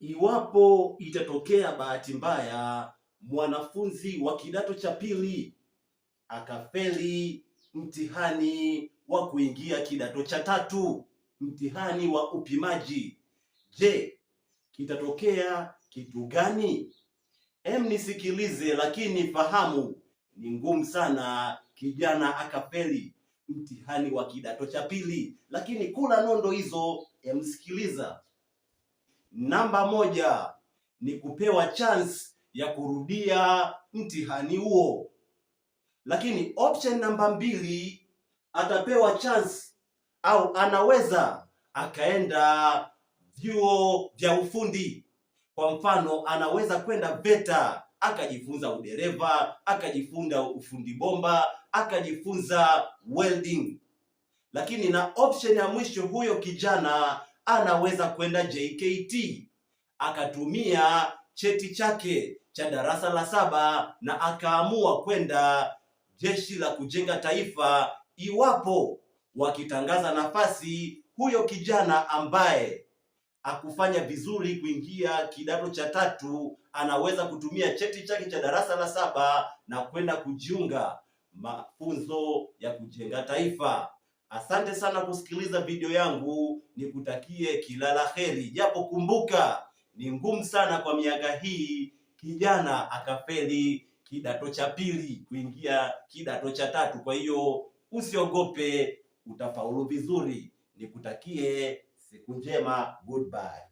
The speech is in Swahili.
Iwapo itatokea bahati mbaya mwanafunzi wa kidato cha pili akafeli mtihani wa kuingia kidato cha tatu, mtihani wa upimaji, je, kitatokea kitu gani? Em, nisikilize lakini fahamu. Ni ngumu sana kijana akafeli mtihani wa kidato cha pili, lakini kula nondo hizo. emsikiliza Namba moja ni kupewa chance ya kurudia mtihani huo, lakini option namba mbili atapewa chance au anaweza akaenda vyuo vya ufundi. Kwa mfano, anaweza kwenda VETA akajifunza udereva, akajifunza ufundi bomba, akajifunza welding. Lakini na option ya mwisho, huyo kijana anaweza kwenda JKT akatumia cheti chake cha darasa la saba na akaamua kwenda Jeshi la Kujenga Taifa iwapo wakitangaza nafasi, huyo kijana ambaye akufanya vizuri kuingia kidato cha tatu anaweza kutumia cheti chake cha darasa la saba na kwenda kujiunga mafunzo ya kujenga taifa. Asante sana kusikiliza video yangu, nikutakie kila la heri, japo kumbuka ni ngumu sana kwa miaka hii kijana akafeli kidato cha pili kuingia kidato cha tatu. Kwa hiyo usiogope, utafaulu vizuri. Nikutakie siku njema, goodbye.